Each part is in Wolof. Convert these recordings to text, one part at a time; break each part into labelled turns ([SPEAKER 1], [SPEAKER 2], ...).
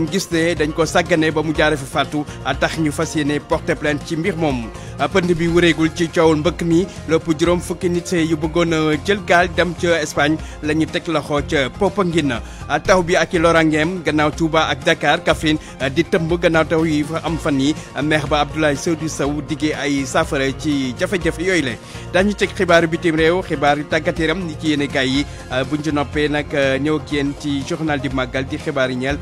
[SPEAKER 1] comme gis ne dañ ko sàggane ba mu jaare fi fàttu tax ñu fas yéene porter plainte ci mbir moom pënd bi wëreegul ci coowul mbëkk mi lépp juróom fukki nit yu bëggoon jël gaal dem ca Espagne la ñu teg loxo ca ngin Popenguine taw bi ak i lorangeem gannaaw Touba ak Dakar Kaffrine di tëmb gannaaw taw yi fa am fan yi maire ba Abdoulaye Seydou Sow diggee ay saafara ci jafe-jafe yooyu la dañu teg xibaaru bitim réew xibaaru tàggat yaram ni ci yéene kaay yi buñ ci noppee nag ñëw ak yéen ci journal di màggal di xibaar yi ñeel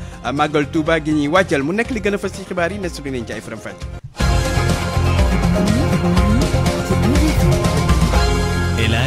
[SPEAKER 1] Touba gi ñuy wàccal mu nekk li gën a fas ci ne suñu leen ci ay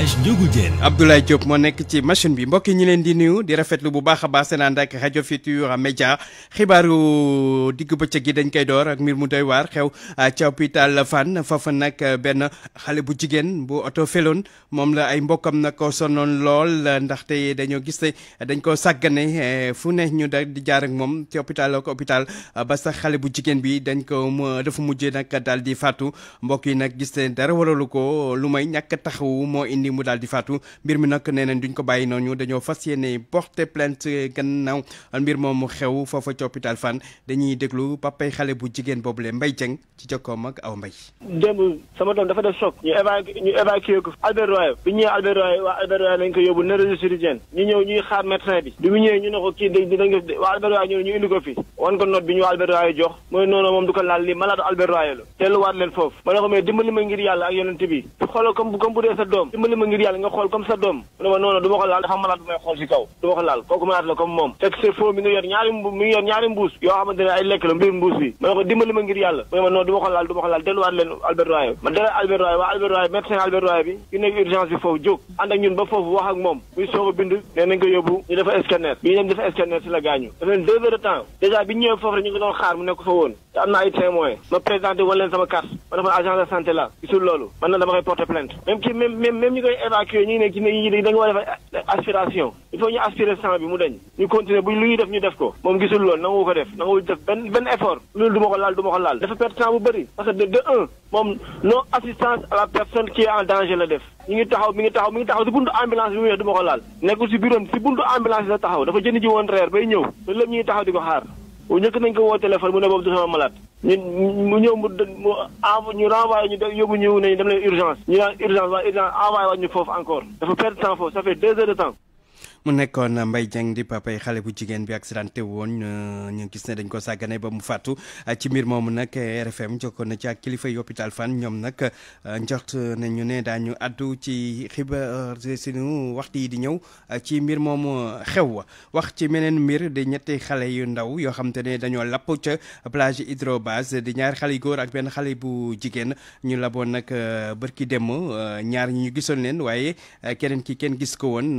[SPEAKER 1] Elhaj Ndiogou Diène Abdoulaye Diop mo nek ci machine bi mbokk ñi leen di nuyu di rafetlu bu baaxa ba baax seen radio future media xibaaru digg becc gi dañ koy door ak mir mu doy war xew ah, ci hôpital fan fofu nak ah, ben xale bu jigen bu auto feloon mom la ay mbokam nak ko sonnoon lool ndaxte dañoo gis funeh dañ ko sagane eh, fu ne ñu da di jaar ak mom ci hôpital ak hôpital ah, ba sax xale bu jigen bi dañ ko dafa mujjé nak daal di fatu mbokk yi nag gis ne dara waralu ko lu may taxawu mo indi mu dal di fatu mbir mi nak nee duñ ko bàyyi noonu dañoo fasiyene porter plainte gannaaw mbir moomu xew fofu ci hôpital fan dañuy deglu papay xalé bu jigen bobu le mbay jeng ci jokkoom ak aw mbay
[SPEAKER 2] dem sama dom dafa def choc ñu évacué ñu évacuer ko Albert roy bi ñe Albert roy wa Albert roy lañ ko yobu neurosi chirurgien ñu ñew ñuy xaar médecin bi bi mu ñëwee ñu nako ki kii dañ dañ def Albert roy ñu ñu indi ko fi won ko note bi ñu Albert roy jox moy nono mom du ko laal li malade Albert roy lo teelu waat len fofu ma ne ko dimbali ma ngir yalla ak yonent bi xoolal bu comme bu dee sa dom dimbali ma ngir yàlla nga xool comme sa doom mu noonu du ma laal dafa malade bu xool si kaw du ma laal kooku malade la comme moom fekk c'est mi ngi yor ñaari mbuus yoo xamante ne ay lekk ma ngir yàlla ma noonu ma ko laal du ma ko laal delluwaat leen Albert Royer ma dara Albert Royer waa Albert Royer médecin Albert Royer bi nekk urgence foofu jóg ànd ak ñun ba foofu wax ak moom muy soog a bind nee yóbbu ñu dafa scanner bi ñu dem dafa dafa leen te am na ay témoins ma présenté wala leen sama carte ma dafa agent de santé la gisul loolu man na dama koy porter plainte même ki même même même ñu koy évacuer ñu ngi ne ci nit ñi dañu war a def aspiration il faut ñu aspirer sang bi mu dañ ñu continuer bu lu ñuy def ñu def ko moom gisul loolu nangu ko def nangu def ben ben effort loolu du ma ko laal du ma ko laal dafa perte temps bu bëri parce que de de un moom non assistance à la personne qui est en danger la def ñu ngi taxaw mi ngi taxaw mi ngi taxaw si buntu ambulance bi mu wax du ma ko laal nekkul si bureau si buntu ambulance la taxaw dafa jënd ji woon reer bay ñëw te lépp ñuy taxaw di ko xaar njëkk nañ ko woo téléphone mu ne boobu du sama malade ñun mu ñëw mu mu envoyé ñu renvoyé ñu yóbbu ñu ñu dem leen urgence ñu urgence waa urgence envoyé waat ñu foofu encore dafa perdre temps foofu ça fait deux heures de temps
[SPEAKER 1] mu nekkoon Mbaye Dieng di papay xale bu jigéen bi ak accidenté woon euh, ñu gis ne dañ ko sàggane ba mu fàttu euh, ci mbir moomu nag euh, RFM jokkoon na ci ak kilifa yi hôpital Fann ñoom nag njort ñu ne daañu addu ci xibaar sinu waxtu yi di ñëw ci mbir moomu xew wax ci meneen mbir di ñetti xale yu ndaw yoo xam ne dañoo lapp ca plage hydrobase di ñaar xale yu góor ak benn xale bu jigéen ñu laboon nag bërki dem ñaar ñu gisoon leen waaye keneen ki kenn gis ko woon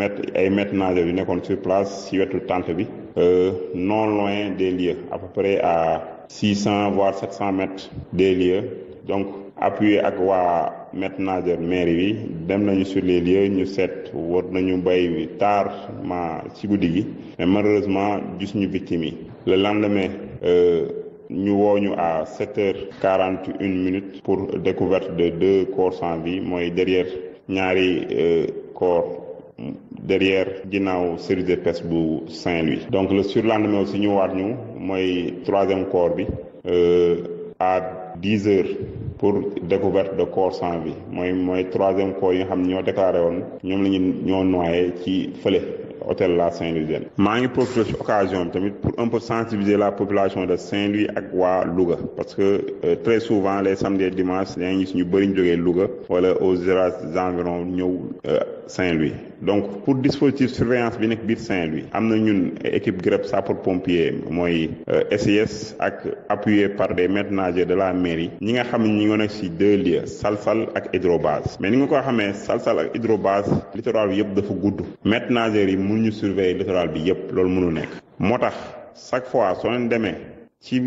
[SPEAKER 3] ay maintenant yu nekkoon sur place si wetu tente bi euh, non loin des lieux à peu près à 600 voire 700 mètres des lieux donc appuyé ak quoi maintenant de mairie bi dem nañu sur les lieux ñu set war nañu bay wi tard ma ci guddi gi mais malheureusement gis ñu victimes le lendemain euh, ñu woo à 7 h 41 minutes pour découverte de deux corps sans vie mooy derrière ñaari euh, corps derrière ginaaw série de pêche bu Saint-Louis donc le surlendemain aussi ñu ñëwaat ñu mooy troisième corps bi euh, à dix heures pour découverte de corps sans vie mooy mooy troisième corps yi nga xam ne ñoo déclaré woon ñoom la ñu ñoo noyé ci fële hôtel la Saint-Louisienne louis maa ngi profité ci occasion tamit pour un peu sensibiliser la population de Saint-Louis ak waa Louga parce que euh, très souvent les samedi et dimanche dañ gis ñu bëri ñu jógee Louga wala aux environ ñëw euh, Saint-Louis donc pour dispositif surveillance bi y a Saint-Louis amna ñun équipe de sapeur pompier moy S.E.S. Euh, ak appuyé par des maîtres nageurs de la mairie ñi nga xam ñi deux lieux Salsal ak hydrobase mais ni nga ko xamé Salsal ak hydrobase littoral bi yëpp dafa gudd maîtres nageurs yi mun surveiller littoral bi yëpp loolu mënul nek chaque fois son leen démé ci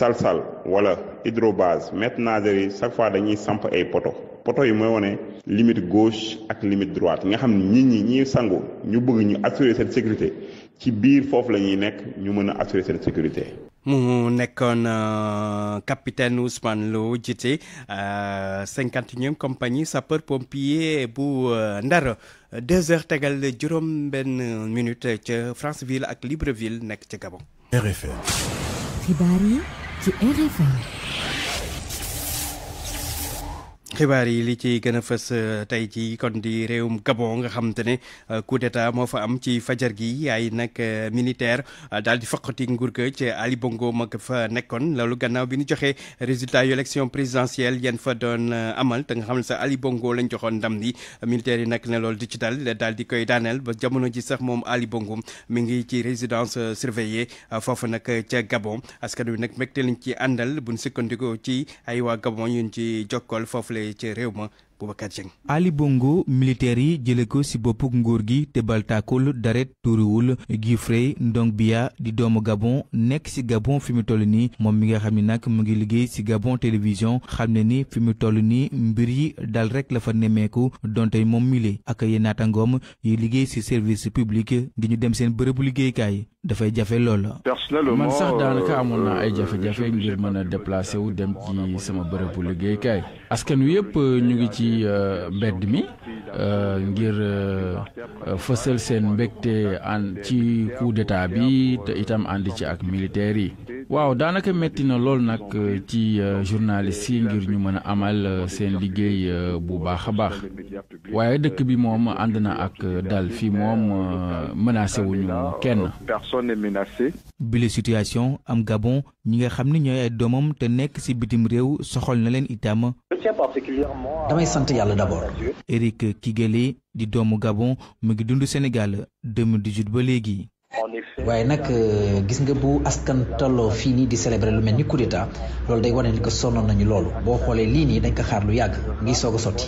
[SPEAKER 3] salsal wala hydrobase maître nageurs chaque fois dañuy samp ay poto poto yi moy woné limite gauche ak limite droite nga xam nit ñi ñi sangu ñu bëgg ñu assurer cette sécurité ci biir fofu lañuy ñuy nekk ñu mëna assurer cette sécurité.
[SPEAKER 1] mu nekkoon euh, capitaine Ousmane Lo jiite euh, cinquante e compagnie sapeur pompier bu euh, Ndar deux heures tegal juróom benn minute ca Franceville ak Libreville nekk ca Gabon.
[SPEAKER 4] RFM. xibaar To everything.
[SPEAKER 1] xibaar yi li ci gën a fës euh, tey ci kon di réewum Gabon nga xam te ne euh, coup d'état moo fa am ci fajar gi ay nag euh, militaire daal di foqati nguur ga ci Ali Bongo ma fa nekkoon lalu gannaaw bi ñu joxee résultat yu élection présidentielle yéen fa doon amal te nga xam ne sax Ali Bongo lañ joxoon ndam li militaire yi nag ne loolu di ci dal daal di koy daaneel ba jamono ji sax moom Ali Bongo mi ngi ci résidence surveillée foofu nag ca Gabon askan bi nag mbégte lañ ci àndal buñ sukkandiku ci ay waa Gabon ci jokkool foofu la foofee ca réew ma Boubacar Dieng
[SPEAKER 5] Ali Bongo militaire yi jële ko ci boppuk nguur gi te baltaakul daret tuuriwul Guifrey Ndongbia di doomu Gabon nekk ci Gabon fi mu toll nii moom mi nga xam ne nag mu ngi liggéey ci Gabon télévision xam ne ni fi mu toll nii mbir yi dal rek la fa nemmeeku donte moom mile ak ay naataangoom yi liggéey ci service public di ñu dem seen bërëbu liggéeykaay dafay jafe lool.
[SPEAKER 6] man sax daanaka amoon naa ay jafe-jafe euh, ngir mën a déplacé wu dem ci sama bërëbu askan wi yëpp euh, ñu ngi ci euh, mbedd mi euh, ngir fësal seen mbégte an ci coup d'état bi te itam ànd ci ak militaires yi. waaw daanaka métti na lool nag ci journaliste yi ngir ñu mën a amal seen liggéey bu baax a baax waaye dëkk bi moom ànd na ak dal fii moom menacé wuñu kenn. personne n'est menacé.
[SPEAKER 5] situation am Gabon. ñi nga xam ne ñooy ay doomam te nekk ci bitim réew soxal na leen itam.
[SPEAKER 7] damay sant yàlla d'abord.
[SPEAKER 5] Eric Kigeli di doomu Gabon mu ngi dund Sénégal 2018 ba léegi.
[SPEAKER 7] waaye nag euh, gis nga bu askan tolloo fii nii di célébrer lu mel ni coup d'état loolu day wane ni ko sonnoon nañu loolu boo xoolee lii nii dañ ko xaar lu yàgg ngi soog a sotti.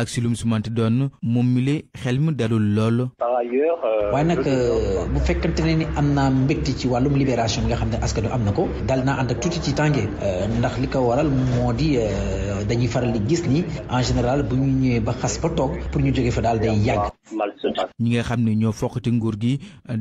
[SPEAKER 5] ak si lum su mënti doon moom mi le xel mu dalul lool.
[SPEAKER 7] Euh, waaye nag euh, bu fekkante ne ni am naa mbégte ci wàllum libération bi nga xam ne askan wi am na ko dal na ànd ak tuuti ci tànge euh, ndax li ko waral moo di dañuy faral di gis ni en général bu ñu ñëwee ba xas ba toog pour ñu jóge fa daal day
[SPEAKER 5] yàgg. ñi nga xam ne ñoo foqati nguur gi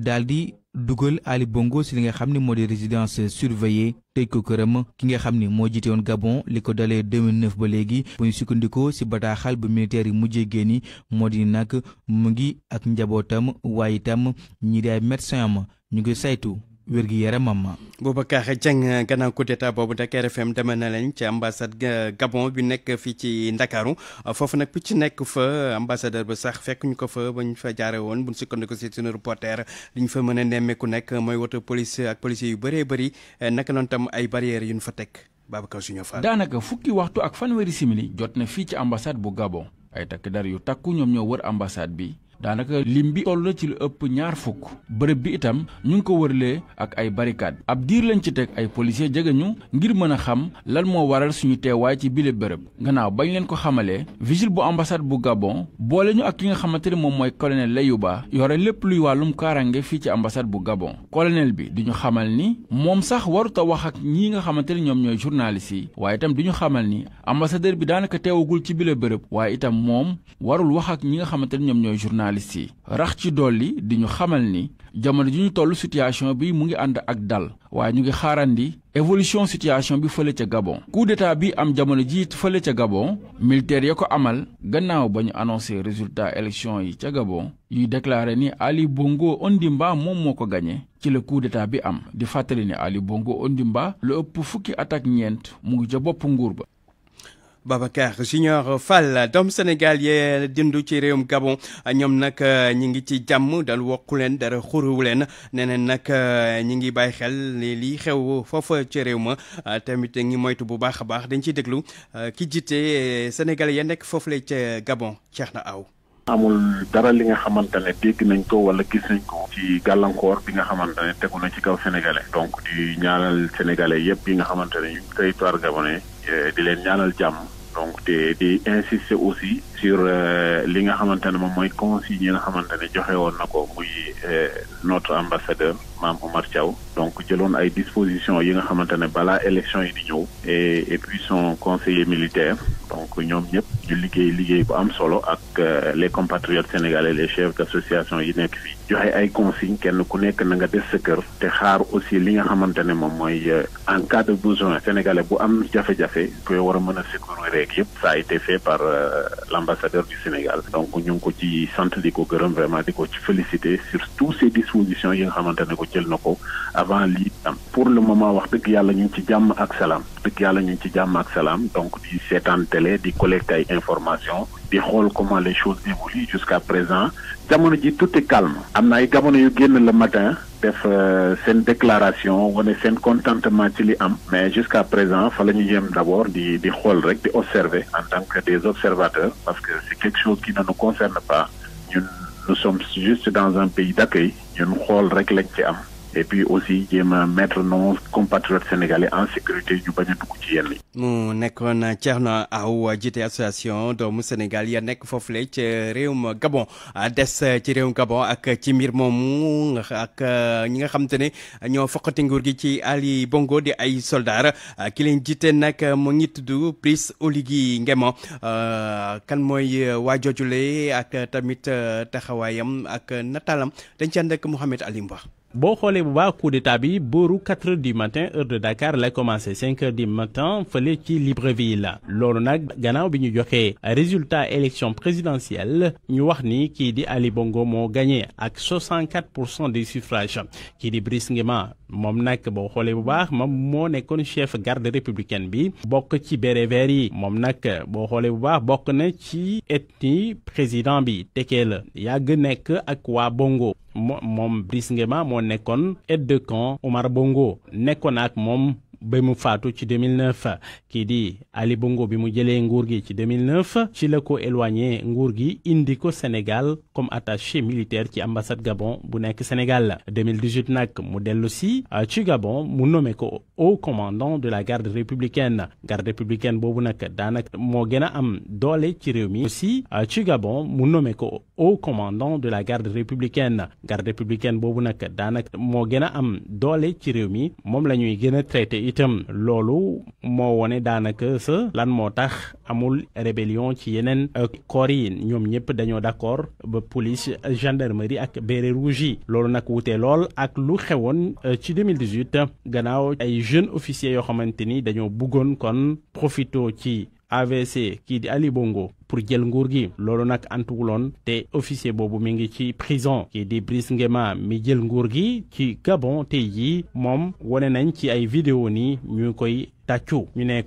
[SPEAKER 5] daal di dugal Ali Bongo si li nga xam ne moo di résidence surveillée tëj ko këram ki nga xam ne moo jiite woon Gabon li ko dalee 2009 ba léegi bu ñu sukkandikoo si bataaxal bu militaire yi mujjee génni moo di nag mu ngi ak njabootam waaye itam ñii di ay médecin am ñu ngi saytu wér gi yaramam
[SPEAKER 1] Boubacar Dieng gannaaw coup d'état boobu nag RFM deme na leen ci ambassade Gabon bi nekk fii ci Ndakaaru foofu nag ku ci nekk fa ambassadeur ba sax fekk ñu ko fa ba ñu fa jaare woon bu ñu sukkandiku si suñu reporter li ñu fa mën a nemmeeku nekk mooy woto police ak policier yu bëree bëri eh, naka noonu tam ay barrières yu ñu fa teg Babacar Junior fa daanaka fukki
[SPEAKER 6] waxtu ak fanweeri simili jot na fii ci ambassade bu Gabon ay takk yu takku ñoom ñoo wër ambassade bi danaka limbi tollu toll ci lu ëpp ñaar fukk bërëb bi itam ñu ngi ko wërlee ak ay barricade ab diir lañ ci teg ay policier jege ñu ngir mën a xam lan moo waral suñu teewaay ci bile bërëb gannaaw bañ leen ko xamalee vigile bu ambassade bu gabon boole ñu ak ki nga xamante moom mooy colonel layuba yore lépp luy wàllum kaarange fii ci ambassade bu gabon colonel bi duñu xamal ni moom sax waruta wax ak ñi nga xamante ne ñoom ñooy journaliste yi waaye itam duñu xamal ni ambassadeur bi danaka teewagul ci bile bërëb waaye itam moom warul wax ak ñi nga xamante ñoom ñooy journaliste journaliste yi rax ci dolli di ñu xamal ni jamono ji ñu toll situation bi mu ngi ànd ak dal waaye ñu ngi xaarandi évolution situation bi fële ca Gabon coup bi am jamono ji fële ca Gabon militaire ya ko amal gannaaw ba ñu annoncé résultat élection yi ca Gabon yuy déclaré ni Ali Bongo Ondimba moom moo ko gagné ci la coup bi am di fàttali ni Ali Bongo Ondimba lu ëpp fukki at ak ñeent mu ngi ca bopp nguur ba
[SPEAKER 1] Babacar Junior Fall doom Sénégal yee dindu ci réewum Gabon ñoom nag ñi ngi ci jàmm dal wokku leen dara xuruwu leen neneen nag ñi ngi bàyyi xel ni lii xew foofa ci réew ma tamit ngi moytu bu baax a baax dañ ciy déglu ki jiite Sénégal ya nekk foofu la ca Gabon ceex na aw
[SPEAKER 8] amul
[SPEAKER 9] dara li nga xamante ne nañ ko wala gis nañ ko ci gàllankoor bi nga xamante tegu na ci kaw sénégalais donc di ñaanal sénégalais yëpp yi nga xamante ne territoire gabonais eh, di leen ñaanal donc te di aussi sur euh, li nga mon ne moom mooy consigne yi nga xamante ne joxe woon euh, notre ambassadeur Mme Omar Thiaw donc j'ai ay dispositions yi nga xamante ne balaa élection yi et et puis son conseiller militaire donc on ñëpp ñu liggéey liggéey bu am solo ak euh, les compatriotes sénégalais les chefs d'association yi nekk fii joxe ay consignes kenn ku nekk na nga des secours. kër te xaar aussi li nga euh, en cas de besoin sénégalais bu am jafe fait koy war a mën a secourir ça a été fait par euh, l'ambassadeur du Sénégal donc on ngi ko ci sant di vraiment di ci féliciter sur toutes ces dispositions yi nga xamante avant lii pour le moment wax dëgg yàlla ñu ngi ci jàmm ak salaam dëgg yàlla ñu ci jàmm ak donc di seetaan télé di collecter ay informations di xool comment les choses évoluent jusqu'à présent jamono ji tout est calme am na ay jamono yu génn le matin def euh, seen déclaration wane seen contentement ci li am mais jusqu'à présent fa la d'abord di di xool rek di observer en tant que des observateurs parce que c'est quelque chose qui ne nous concerne pas nous sommes juste dans un pays d'accueil une xool rek règle et puis aussi jéem a mettre nos compatriotes sénégalais en sécurité ñu bañ du dugg ci yenn
[SPEAKER 1] mu nekkoon Thierno Aw jiite association doomu Sénégal ya nekk foofule ci réewum Gabon des ci réewum Gabon ak ci mbir moomu ak euh, ñi nga xam te ne ñoo foqati nguur gi ci Ali Bongo di ay soldat ki leen jiite nag mu ngi tudd prise Oligui Nguema euh, kan mooy euh, waa joojule ak tamit taxawaayam ak nataalam dañ ci ànd ak Mouhamed Ali Mba Bon, xolé bu ba coup d'état
[SPEAKER 8] bi boru 4 h du matin heure de Dakar la commencé 5 h du matin fallait ci Libreville Lolu nag gannaaw biñu joxé résultat élection présidentielle ñu wax ni Ali Bongo a gagné ak 64 des suffrages Qui di Brice Nguema mom nak bo xolé bu baax chef garde républicaine bi Bok ci bérets verts yi mom nak bo xolé bu baax bok ci président bi tekee la nekk ak Bongo moom Brice Nguema moo nekkoon et de camp Omar Bongo nekkoon ak moom ba mu ci 2009 qui di Ali Bongo bi mu ci 2009 ci le ko éloigné nguur gi indi ko Sénégal comme attaché militaire ci ambassade Gabon bu nek Sénégal 2018 nak mu dellu si euh, ci Gabon mu nommé ko haut commandant de la garde républicaine garde républicaine bobu nak danak mo gëna am doole ci réew mi aussi euh, ci Gabon mu nommé ko haut commandant de la garde républicaine garde républicaine bobu nak danak mo gëna am doole ci réew mi mom la gëna itam loolu moo wone daanaka sa lan moo tax amul rébellion ci yeneen euh, corps yi ñoom ñëpp dañoo d'accord ba police gendarmerie ak béret rouge loolu nag wute lool ak lu xewoon euh, ci 2018 gannaaw ay jeunes officiers yoo xamante ni dañoo bëggoon kon profito ci AVC kii di Ali Bongo pour jël nguur gi loolu nag te officier boobu mi ci prison kii di Brice Ngema mi jël Gabon tey jii moom wane nañ ci ay vidéo ni ñu koy tàccu ñu ne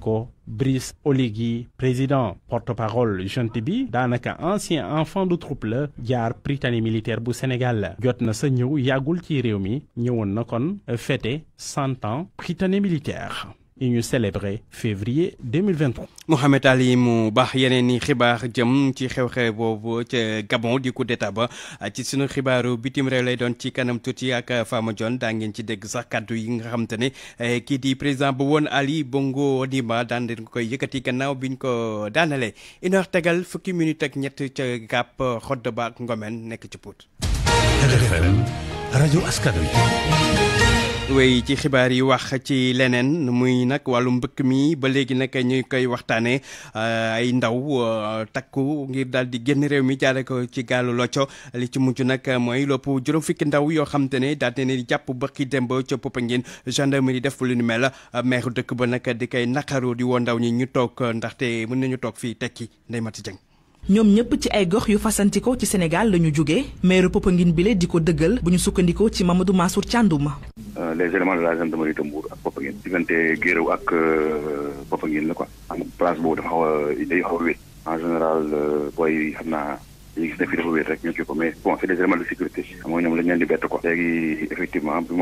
[SPEAKER 8] Brice Oligui président porte-parole Jean bi daanaka ancien enfant de troupe la jaar militaire bu Sénégal la jot na sa ñëw yàggul ci réew mi na kon fête cent ans Britannique militaire yi ñu célébrer février 2023.
[SPEAKER 1] Mohamed Ali mu baax yeneen i xibaar jëm ci xew-xew boobu ca Gabon di coup d'état ba ci sunu xibaaru bitim réew lay doon ci kanam tuuti ak Fama Dione daa ngeen ci dégg sax kàddu yi nga xam te ne eh, kii di président ba woon Ali Bongo Ondimba daan dañ koy yëkkati gannaaw biñ ko daanalee une heure tegal fukki minute ak ñett ca gàpp xodd ba ak ngomen nekk ci Pout.
[SPEAKER 10] rajo askan wi.
[SPEAKER 1] wéy ci xibaar yi wax ci leneen muy nag wàllu mbëkk mi ba léegi nag ñu koy waxtaanee euh, ay ndaw euh, takku ngir daal di génn réew mi jaare ko ci gaalu locco li ci mujj nag mooy lopp juróom fukki ndaw yoo xam te ne daal di ne jàpp bëkki demb ca mi gendarmerie def lu ni mel maire dëkk ba nag di koy naqaru di woo ndaw ñi ñu toog ndaxte mën nañu toog fii tekki Ndeye Mati Dieng
[SPEAKER 11] ñoom ñëpp ci ay gox yu fasantikoo ci Sénégal la ñu jógee maire Popenguine bile di ko dëggal bu ñu sukkandikoo ci Mamadou Mansour Thiandoum.
[SPEAKER 9] Euh, les éléments de la gendarmerie de Mbour ak Popenguine diggante Guéréo ak euh, Popenguine la ko am place boobu dafa xaw a day xaw a en général euh, booy xam naa. yi gis na fi dafa wéet rek ñoo ci ko mais bon c'est des éléments de sécurité mooy ñoom lañ leen di bett ko léegi effectivement bi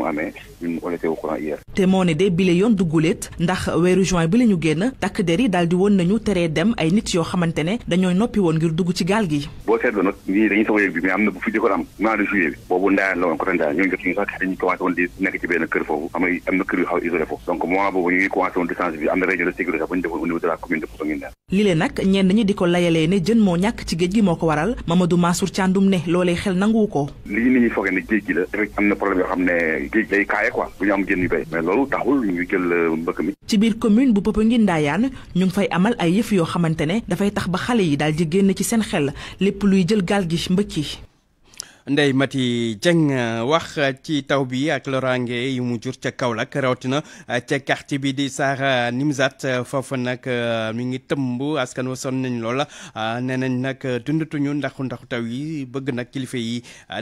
[SPEAKER 9] yi boobu ndaayaan la woon côté ndaayaan ñooñu jot ñu sax dañuy commencé woon di nekk ci benn kër foofu am na kër yu xaw isolé foofu donc moment am na réunion de sécurité bu ñu defoon au
[SPEAKER 11] niveau di ko layalee ne jën moo ñàkk ci géej gi moo ko waral Mamadou Mansour Thiandoum ne loolee xel nanguwu ko.
[SPEAKER 9] lii nit ñi foogee ne géej gi la rek am na problème yoo xam ne géej day kaaye quoi bu ñu am jën yu mais loolu taxul ñu jël euh, mbëkk mi.
[SPEAKER 11] ci biir commune bu Popenguine Ndayane ñu ngi fay amal ay yëf yoo xamante ne dafay tax ba xale yi daal di génn ci seen xel lépp luy jël gaal gi mbëkki
[SPEAKER 1] Ndeye Mati Dieng euh, wax ci taw bi ak loraange yi mu jur ca Kaolack rawatina euh, ca quartier bi di Sahara Nimzat euh, foofu nag mi ngi tëmb askan wa sonn nañ loola nee nañ nag dundatuñu ndaxu ndaxu taw yi bëgg nag kilifa yi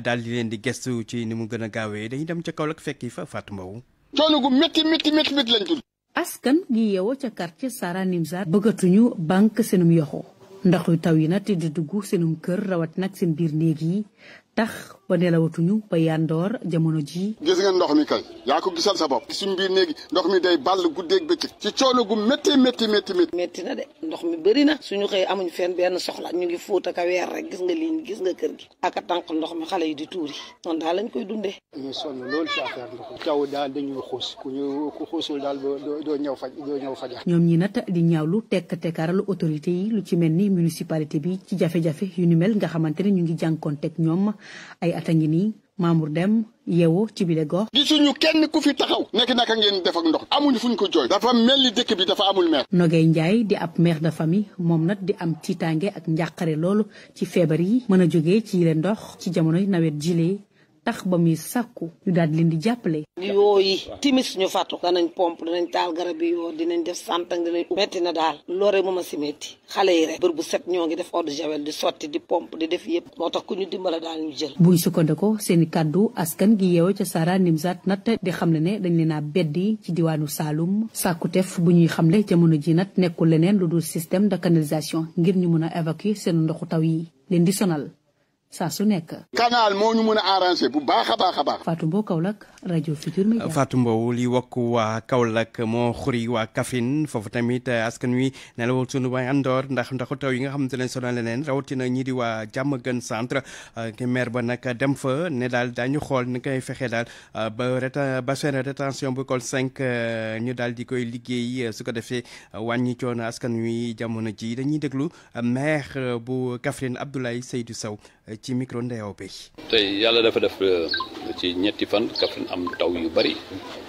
[SPEAKER 1] daal di leen di gestu ci ni mu gën a gaawee dañuy dem ca Kaolack fekk fa Fatou Mbow.
[SPEAKER 12] coono gu métti métti métti lañ dul.
[SPEAKER 13] askan gi yeewoo ca quartier Sahara Nimzat. bëggatuñu banque seenum yoxo ndaxu taw yi nag te di dugg seenum kër rawat nag seen biir néeg Dag. ba nelawatuñu ba yandor jamono ji
[SPEAKER 14] gis nga ndox mi kay ya ko gisal sa bop ci sun biir neegi ndox mi day ball guddé ak becc ci coono gu metti metti metti metti metti na dé
[SPEAKER 13] ndox mi bëri na suñu xey amuñu fenn benn soxla ñu ngi fóot ak wër rek gis nga liñ gis nga kër gi ak
[SPEAKER 12] tank ndox mi xalé yi di touri noonu da lañ koy dundé ñu sonu lool ci affaire ndox taw daal dañu xoss ku ñu ku xossul daal do ñew faj do ñew faj ñom
[SPEAKER 13] ñi nat di ñaawlu tekk tekkaaralu autorité yi lu ci melni municipalité bi ci jafé jafé yu ñu mel nga xamanteni ñu ngi jànkoon teg ñom ay at a ngi nii Mamour Deme yeewoo ci bile gox
[SPEAKER 14] gisuñu kenn ku fi taxaw nekk naka ngeen def ak ndox amuñu fuñ ko jooy dafa mel dëkk bi dafa amul maire
[SPEAKER 13] Nogay Ndiaye di ab meex de famille moom na di am tiitaange ak njàqare loolu ci feebar yi mën a jógee ci yile ndox ci jamonoy nawet jilee tax ba muy sàkku ñu daal di leen di jàppale. yooyu timis ñu fatu danañ pomp danañ taal garab yi yoo dinañ def santang dinañ metti na daal lore moom a si metti xale yi rek bër bu set ñoo ngi def eau de javel di sotti di pompe di def yëpp moo tax ku ñu dimbala daal ñu jël buñ sukkandikoo seeni kàddu askan gi yeewo ca Sara Nimzat nat di xam ne ne dañ leen bedd beddi ci diwaanu Saloum sàkkutef bu ñuy xam xamle jamono ji nat nekkul leneen lu dul système de canalisation ngir ñu mën a évacuer seen ndoxu taw yi saa su nekk.
[SPEAKER 14] canal moo ñu mën a arrangé bu baax a baax a baax. Fatou Mbow Kaolack. rajo Futur Media Fatou Mbow
[SPEAKER 1] li wokk waa kaw Kaolack moo xuri waa Kaffrine foofu tamit eh, askan wi nelawul sunu waay andoor ndax ndaxu taw yi nga xamante ne sonal leneen rawatina ñii di waa Diamaguène centre eh, maire ba nag dem fa ne daal daañu xool ni koy fexe daal eh, ba reta bassin de rétention bu col 5 ñu daal di koy liggéey su ko defee wàññi coono askan wi jamono ji dañuy déglu maire bu Kaffrine Abdoulaye Seydou sew ci micro bi.
[SPEAKER 10] tey yàlla dafa def ci ñetti fan Kaffrine am taw yu bari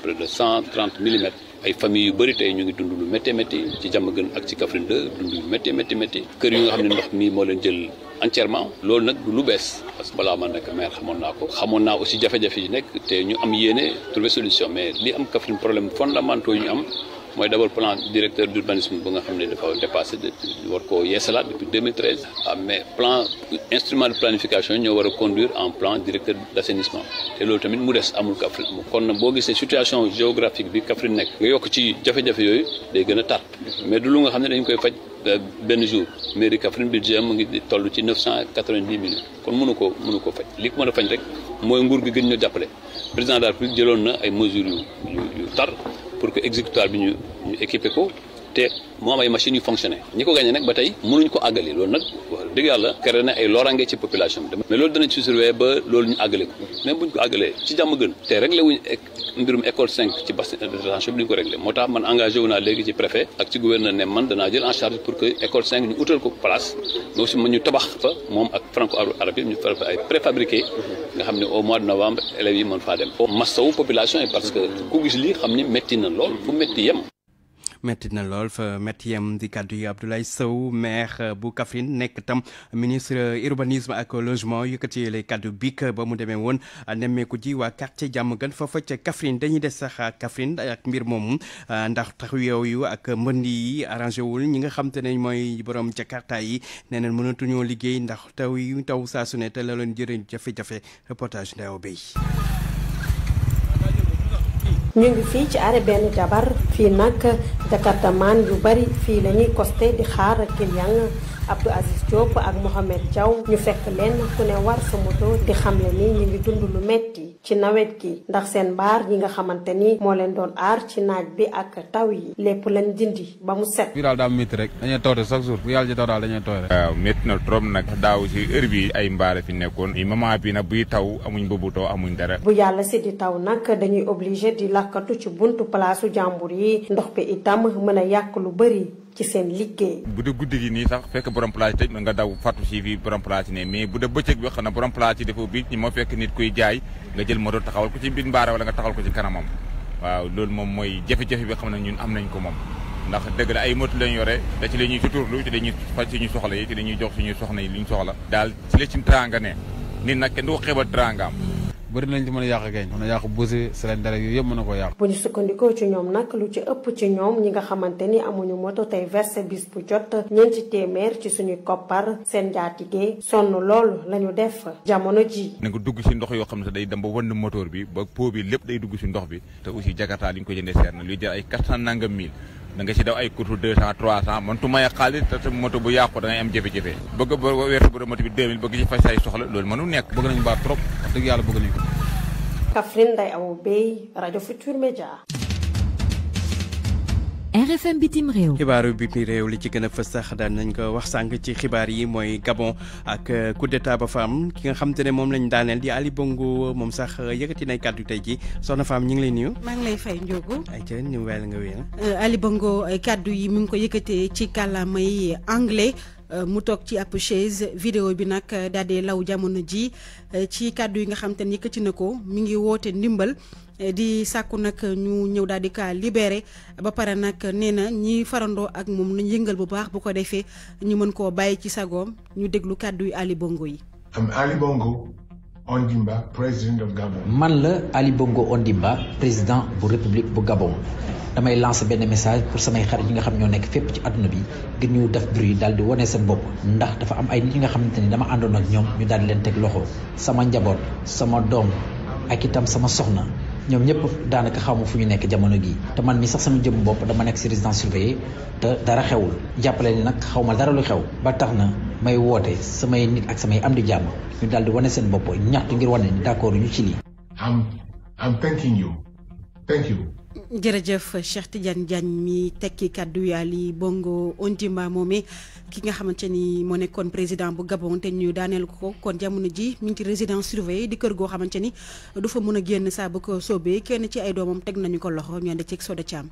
[SPEAKER 10] près de 130 mm ay famille yu bari tay ñu ngi dund lu métti métti ci jamm gën ak ci Kaffrine 2 dund lu métti métti métti kër yu nga xamni ndox mi mo leen jël entièrement loolu nak du lu bess parce que balaa ma nek maire xamone nako xamone na aussi jafé jafé yi nek te ñu am yéene trouver solution mais li am Kaffrine problème fondamental yu ñu am moy d'abord plan directeur d'urbanisme bu nga xamné dafa dépassé war ko yeesalaat depuis 2013 ah, mais plan instrument de planification ñoo wara conduire en plan directeur d'assainissement té lolu tamit mu dess amul Kaffrine kon na bo gisee situation géographique bi Kaffrine nek nga yok ci jafé jafé yooyu day gëna tar mais du lu nga xamné dañ koy faj ben jour mairie Kaffrine budget mu ngi tollu ci 990 millions kon mënu ko mënu ko faj li ko mën faj rek moy nguur gi gën ñu jappalé président de la République na ay mesures yu tar porque que exécutoire equipa ñu ñu te mu ay machine yu fonctionné ñi ko gagné nag ba tey mënuñ ko àggali loolu nag wax dëgg yàlla créé na ay loraange ci population bi mais loolu danañ ci surveiller ba loolu ñu àggale ko même buñ ko àggalee ci jàmm gën te réglé wuñ mbirum école 5 ci bassin de rétention bi ñu ko réglé moo tax man engagé wu naa léegi ci préfet ak ci gouverneur ne man danaa jël en charge pour que école 5 ñu utal ko place mais aussi man ñu tabax fa moom ak franco arabe ñu fa ay préfabriqué nga xam ne au mois de novembre élèves yi mën faa dem massawu population yi parce que ku gis lii xam ni métti na lool fu métti yem
[SPEAKER 1] métti na lool fa métti yem di kàddu yi Abdoulaye Sow maire bu Kaffrine nekk tam ministre urbanisme ak logement yëkkati lay kàddu bik ba mu demee woon nemmeeku ji waa quartier jàmm gën foofa ca Kaffrine dañuy des sax Kaffrine ak mbir moomu ndax tax yow yu ak mbënd yi arrangé wul ñi nga xam te ne mooy borom jakarta yi nee nañ mënatuñoo liggéey ndax taw yu taw saa sunee ne te la leen jëriñ jafe-jafe reportage Ndao Bey
[SPEAKER 15] ñu ngi fii ci arrêt benn jabar fii nak jakartamaan yu bari fii la ñuy costé di xaar client Abdou Aziz Diop ak Mohamed Diaw ñu fekk leen ku ne war sa moto di xamle ni ñu ngi dund lu metti ci nawet gi ndax seen mbaar yi nga xamante ni moo leen doon aar ci naaj bi ak taw yi lépp lañ dindi ba mu set.
[SPEAKER 16] fii daal daa métti rek dañuy toote chaque jour bu yàlla ji taw daal dañuy tooy na trop nag daaw si heure bi ay mbaar fi nekkoon moment bi nag buy taw amuñ bëbutoo amuñ dara. bu
[SPEAKER 15] yàlla si di taw nag dañuy obligé di lakkatu ci buntu palaasu jàmbur yi ndox bi itam mën a yàq lu bëri. ci seen liggéey.
[SPEAKER 16] bu dee guddi gi nii sax fekk borom te tëj nga daw fàttu si fii borom place ne mais bu dee bëccëg bi xanaa borom place yi dafa ubbi ñi moo fekk nit kuy jaay nga jël moto taxawal ko ci biir mbaara wala nga taxawal ko ci kanamam waaw loolu moom mooy jafe-jafe bi xam ne ñun am nañ ko moom ndax dëgg la ay moto lañ yore da ci la ñuy suturlu ci la ñuy faj suñu soxla yi ci la ñuy jox suñu soxna yi li ñu soxla daal ci la ci teraanga ne nit nag kenn du ko xeebal teraangaam
[SPEAKER 6] bëri nañ ci mën a yàq gañ mën a yàq buuse selen dara yooyu yëpp mën na koo
[SPEAKER 15] bu ñu sukkandikoo ci ñoom nag lu ci ëpp ci ñoom ñi nga xamante ni amuñu moto tey verse bis bu jot ñeenti téeméer ci suñuy koppar seen njaatigee sonn lool lañu def jamono
[SPEAKER 16] ji na nga dugg ci ndox yoo xam ne day dem ba wënd moteur bi ba po bi lépp day dugg ci ndox bi te aussi jakarta li ñu ko jëndee seer na luy jël ay quatre cent nangam da nga daw ay course deux cent trois cent man tu maye xaalis te sa moto bu yàqu da am jafe-jafe bëgg ba weertu bu moto bi deux mille bëgg ci faj say soxla loolu mënu nekk bëgg nañu baax trop wax dëgg yàlla bëgg nañu ko
[SPEAKER 15] Kaffrine Ndeye Awa Bèye rajo Média
[SPEAKER 1] RFM bitim réew. xibaaru bi réew li ci gën a fës sax daan nañ ko wax sànq ci xibaar yi mooy Gabon ak euh, coup d'état ba fa ki nga xam te ne moom lañ daaneel di Ali Bongo moom sax euh, yëkkati nay kàddu tey ji soxna Fam ñu ngi lay nuyu.
[SPEAKER 17] maa ngi fay Ndiogo.
[SPEAKER 1] ayca ñu nga wéyal.
[SPEAKER 17] Euh, Ali kàddu yi mu ngi ko yëkkatee ci kàllaamay anglais. mu toog ci ab chaise vidéo bi nag daal law jamono ji ci kàddu yi nga xam te ne na ko mi ngi woote ndimbal Eh, di sakku nak eh, ñu ñew dal di ka libéré ba paré nak eh, néna ñi farando ak mom ñu yëngal bu baax bu ko défé ñu mën ko bayyi ci sagom ñu déglu kaddu Ali Bongo yi.
[SPEAKER 14] am Ali Bongo
[SPEAKER 4] Ondimba président of Gabon.
[SPEAKER 7] man la Ali Bongo Ondimba président bu république bu Gabon. damay lancer ben message pour samay xarit yi nga xam ñoo nek fep ci aduna bi gën ñu def bruit dal di woné seen bop ndax dafa am ay nit yi nga xamante dama andon ak ñom ñu dal di leen tek loxo sama njabot sama dom ak itam sama soxna ñoom ñëpp daanaka xaw fu ñu nekk jamono gi te man mi sax sama jëm bopp dama nekk si résidence surveillée te dara xewul jàppale ni nag xaw ma dara lu xew ba tax na may woote samay nit ak samay am di jàmm ñu daal di wane seen bopp ñaxtu ngir wane ni d'accord ñu ci lii. am am thanking you thank you.
[SPEAKER 17] jërëjëf Cheikh Tidiane Diagne mi tekki kàddu yàlla yi bongo ontimba ki nga xamante ni moo nekkoon président bu Gabon te ñu daaneel ko kon jamono ji mi ngi ci résidence surveillée di kër goo xamante ni du fa mën a génn saa bu ko soobee kenn ci ay doomam teg nañu ko
[SPEAKER 18] loxo ñoo de ceeg Soda Thiam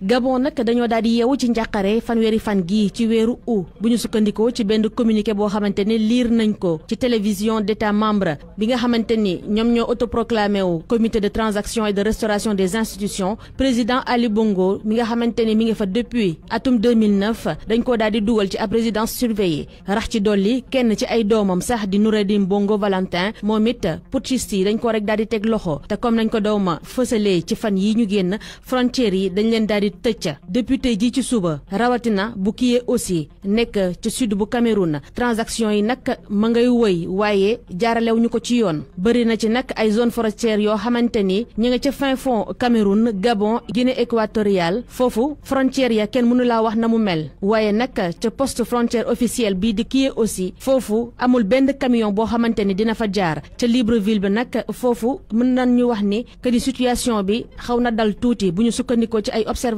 [SPEAKER 18] Gabon nak dañu daal di yeewu ci njaqare fanweeri fan gi ci wéru o buñu sukkandiko ci benn communiqué bo xamante lire nañ ko ci télévision d'état membre bi nga xamante ñom ñoo autoproclamé wu comité de transaction et de restauration des institutions président Ali Bongo mi nga xamante mi nga fa depuis atum 2009 dañ ko daal di dugal ci ab résidence surveillée rax ci doli kenn ci ay domam sax di Noureddine Bongo Valentin Momit, Putchisti, yi dañ ko rek daal di teg loxo te comme nañ ko dooma fësalee ci fan yi ñu génn frontière yi dañ leen daal ñu tëj ca depuis tey jii ci suba rawatina bu kiyee aussi nekk ca sud bu Cameroun transaction yi nag ma ngay woy waaye jaaralew ñu ko ci yoon bëri na ci nag ay zone forestière yoo xamante ni ñu nga ca fin fond Cameroun Gabon Guinée équatoriale foofu frontière ya kenn mënu laa wax na mu mel waaye nag ca poste frontière officielle bii di kiyee aussi foofu amul benn camion boo xamante ni dina fa jaar ca Libreville bi nag foofu mën nañu wax ni que di bi xaw na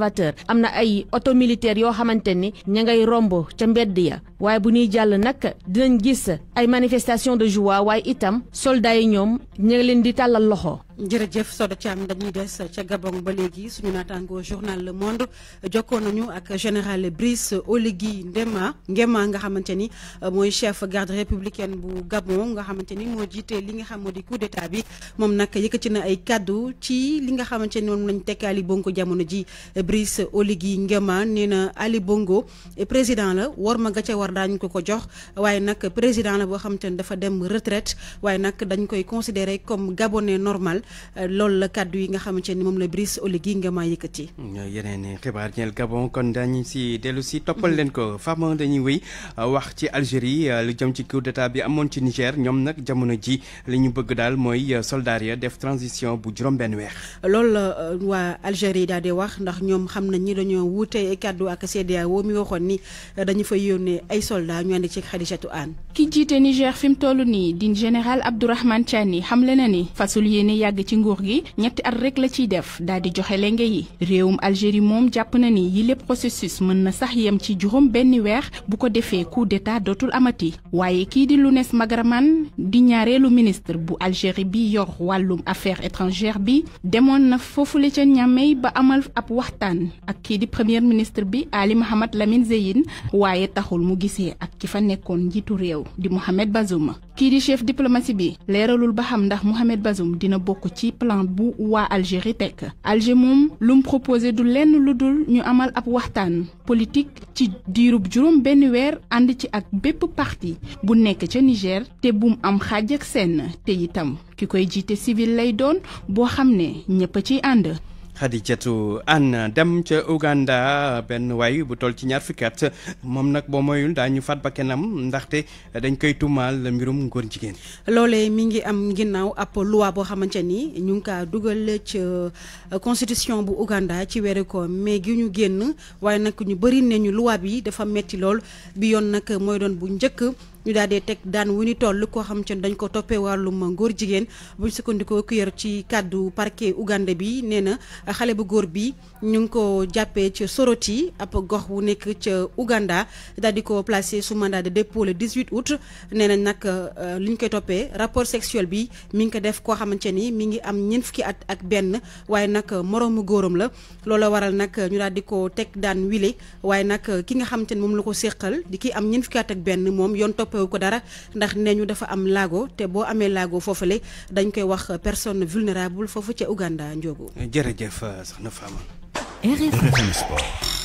[SPEAKER 18] observateur am na ay oto militaire yoo xamante ni ña ngay romb ca mbedd ya waaye bu ñuy jàll nag dinañ gis ay manifestation de joie waaye itam soldats yi ñoom ña leen di tàllal loxo.
[SPEAKER 17] jërëjëf Soda Thiam dañuy des ca Gabon ba léegi suñu naataango journal Le Monde jokkoo nañu ak général Brice Oligui Ndema Ngema nga xamante ni euh, mooy chef garde républicaine bu Gabon nga xamante ni moo jiite li nga xam moo di coup d'état bi moom nag yëkkati na ay kàddu ci li nga xamante ni moom lañ tekkaali bonko jamono ji. Brice Oligui Ngema nee Ali Bongo eh, président la war ma gatcha war dañ ko ko jox waye nak président la bo xamantene dafa dem retraite waye nak dañ koy considérer comme gabonais normal eh, lol la kàddu yi nga xamantene mom la Brice Oligui
[SPEAKER 1] Nguema yëkkati. yeneene xibaar ñel Gabon kon dañ si delu ci topal len ko Fama dañuy wéy wax ci Algérie eh, lu jëm ci coup d'état bi amon ci Niger ñom nak jamono ji li ñu bëgg dal moy soldat ya def transition bu juróom ben wex
[SPEAKER 17] lol wa Algérie da di wax ndax ñom ñoom xam nañ ñi dañoo wuute kaddu ak CEDEAO mi waxoon ni dañu fa yónnee ay soldats ñu ànd ci Khadijatou Anne.
[SPEAKER 11] ki jiite Niger fi mu toll nii di général Abdourahmane Tiani xamle na ni fasul yéene yàgg ci nguur gi ñetti at rek la ciy def daal joxe lenge yi réewum Algérie moom jàpp na ni yile processus mën na sax yem ci juróom benn weex bu ko defee coup d'état dootul amati waaye kii di Lounes Magraman di ñaareelu ministre bu Algérie bi yor wàllum affaires étrangères bi demoon na foofule ca ñamey ba amal ab waxtaan ak kii di premier ministre bi Ali Mahamad Lamine Zeyine waaye taxul mu gisee ak ki fa nekkoon njiitu réew di Mohamed Bazoum kii di chef diplomatie bi leeralul ba xam ndax Mohamed Bazoum dina bokk ci plan bu waa Algérie tekk Alger moom lum mu proposé du lenn lu dul ñu amal ab waxtaan politique ci diirub juróom benn weer ànd ci ak bépp parti bu nekk ca Niger te bum am xaaj ak seen te itam ki koy jiite civil lay doon boo xam ne ñëpp a ciy ànd
[SPEAKER 1] Xadijatu Ann dem ca Uganda benn waay bu toll ci ñaar fukki moom nag boo moyul daañu faat bakkanam ndaxte dañ koy tuumaal mbirum góor jigéen. loole
[SPEAKER 17] mi ngi am ginnaaw ab loi boo xamante ni ñu ngi kaa dugal ca euh, constitution bu Uganda ci weeru ko mais gi ñu génn waaye nag ñu bëri ne ñu loi bi dafa metti lool bi yoon nag mooy doon bu njëkk. ñu daal tek daan wu ñu toll ko xam ci dañ ko toppee wàllum góor jigéen buñ sukkandikoo ku yor ci kàddu parquet Uganda bi néna xalé bu gor bi ñu ko jappé ci Soroti ap gox wu nek ci Uganda daal di ko placer sous mandat de dépôt le 18 août néna nak liñ koy topé rapport sexuel bi mi ngi ko def koo ni mi ngi am nyinfki fukki at ak ben waye nak morom góoram la lolo waral nak ñu daal di ko tek daan wile waye nak ki nga xamante ni moom di ki am nyinfki fukki at ak ben mom yon top soppeewu ko dara ndax nee ñu dafa am laago te boo amee laago foofule dañ koy wax personne vulnérable foofu ca Ouganda Ndiogo.
[SPEAKER 1] jërëjëf soxna Fama.
[SPEAKER 10] RFM Sport.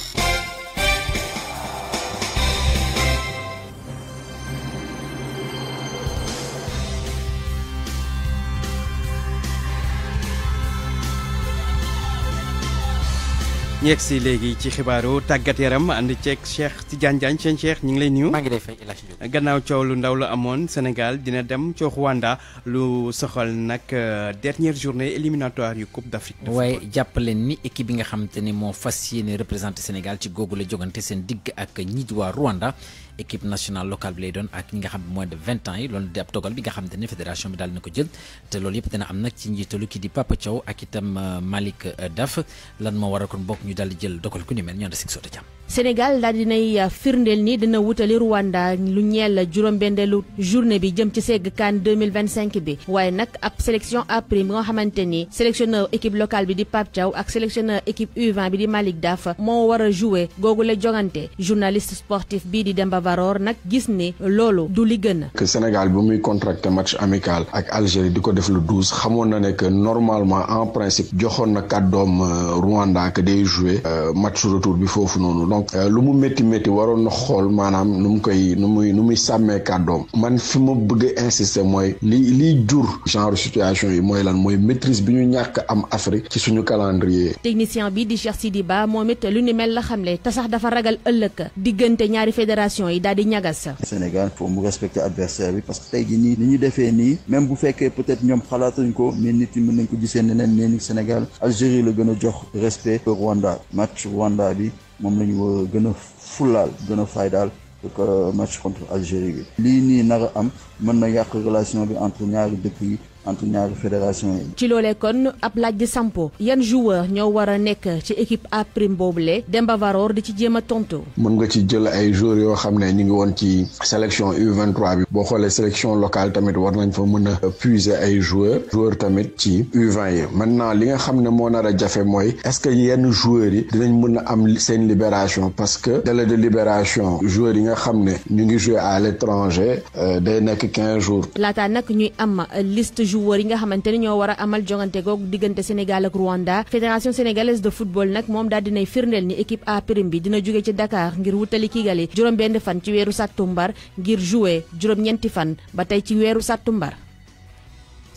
[SPEAKER 1] ñu yegg si léegi ci xibaaru tàggat yaram ànd ceeg Cheikh Tidiane Diagne seen Cheikh ñu ngi lay nuyu. maa ngi
[SPEAKER 7] lay
[SPEAKER 1] gannaaw coow lu ndaw la amoon Sénégal dina dem ci Rwanda lu soxal nag euh, dernière journée éliminatoire yu Coupe d'Afrique.
[SPEAKER 7] waaye jàpp leen ni équipe bi nga xamante ni moo fas yéene représenté Sénégal ci googu la jogante seen digg ak ñi di waa Rwanda. équipe nationale locale bi lay doon ak nga xam moins de 20 ans yi loolu di ab togal bi nga xamante ne fédération bi daal na ko jël te loolu yëpp dina am nag ci njiitalu kii di Papa Thiaw ak itam euh, Malick euh, Daf lan moo waral kon bokk ñu daal di jël dogal ku ni mel ñoo da sig jàmm
[SPEAKER 18] Sénégal daal dinay euh, firndeel ni dina wutali Rwanda lu ñeel juróom-benneelu journée bi jëm ci segg kan 2025 bi waaye nag ab sélection à prime nga xamante ni sélectionneur équipe locale bi di Pape Thiaw ak sélectionneur équipe U20 bi di Malick Daf moo war a jouer googu la jogante journaliste sportif bii di Demba Navarro nak gis ne loolu du li gën
[SPEAKER 6] que Sénégal bi muy contracter match amical ak Algérie du def le 12 xamone na ne que normalement en principe joxone na kaddom euh, Rwanda que day jouer euh, match retour bi fofu nonou donc euh, lu mu metti métti na xol manam num koy numuy numuy nu kaddom man fi mo bëgg insister moy li li jur genre situation yi moy lan moy maîtrise biñu ñak am Afrique ci suñu calendrier.
[SPEAKER 18] technicien bi di Cheikh Sidi Ba lu ni mel la xamle à sax dafa ragal ëlëk diggante ñaari fédération yi. koy daal di ñagas
[SPEAKER 6] Sénégal faut mu respecter adversaire bi parce que tay ji ni ni ñu défé ni même bu féké peut être ñom xalatuñ ko mais nit yi mënañ ko gissé nenen né ni Sénégal Algérie le gëna jox respect pour Rwanda match Rwanda bi mom lañu gëna fulal gëna fay dal ko match contre Algérie bi lii nii nar am mëna yaq relation bi entre ñaari dëkk yi entre ñaari fédération
[SPEAKER 18] ci lolé kon ab laaj di sampo yan joueur ñoo wara a ci équipe A prime boobule Demba Varor di ci jema a tontu.
[SPEAKER 6] mën
[SPEAKER 19] nga ci jël ay joueur yo
[SPEAKER 6] xamné ngi ci sélection U23 bi bo xolé sélection locale tamit war nañ fa mëna puiser ay joueur joueur tamit ci U20 maintenant li nga xamné ne nara moi moy est-ce que yenn joueur yi dinañ mëna am sen libération parce que délai de libération joueur yi nga jamais ni ñu ngi jouer à l'étranger euh, day nek quinze jours.
[SPEAKER 18] laata nak ñuy am liste joueurs joueurs yi nga xamante ni ñoo war a amal jongante googu diggante Sénégal ak Rwanda fédération sénégalaise de football nag moom daal dinay firndeel ni équipe A prime bi dina jóge ci Dakar ngir wutali Kigali juróom benn fan ci weeru sàttumbar ngir jouer juróom ñeenti fan ba tey ci weeru sàttumbar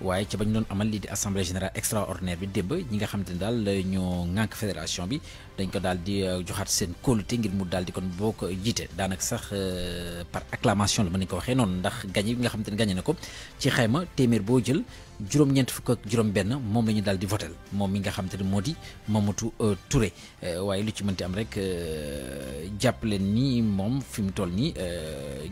[SPEAKER 7] waaye ca bañ doon amal lii di assemblée générale extraordinaire bi démb ñi nga xam te ne daal ñoo ŋànk fédération bi dañ ko daal di euh, joxaat seen kóolute ngir mu daal di kon boo ko jiite daanaka sax euh, par acclamation la mën nañu ko waxee noonu ndax gañe bi nga xam te ne gañe na ko ci xayma téeméer boo jël juróom-ñeent fukk ak juróom-benn moom la ñu daal di votel moom mi nga xam te ne moo di Mamadou euh, ture euh, waaye lu ci mënti am rek euh, jàpp leen ni moom fi mu toll nii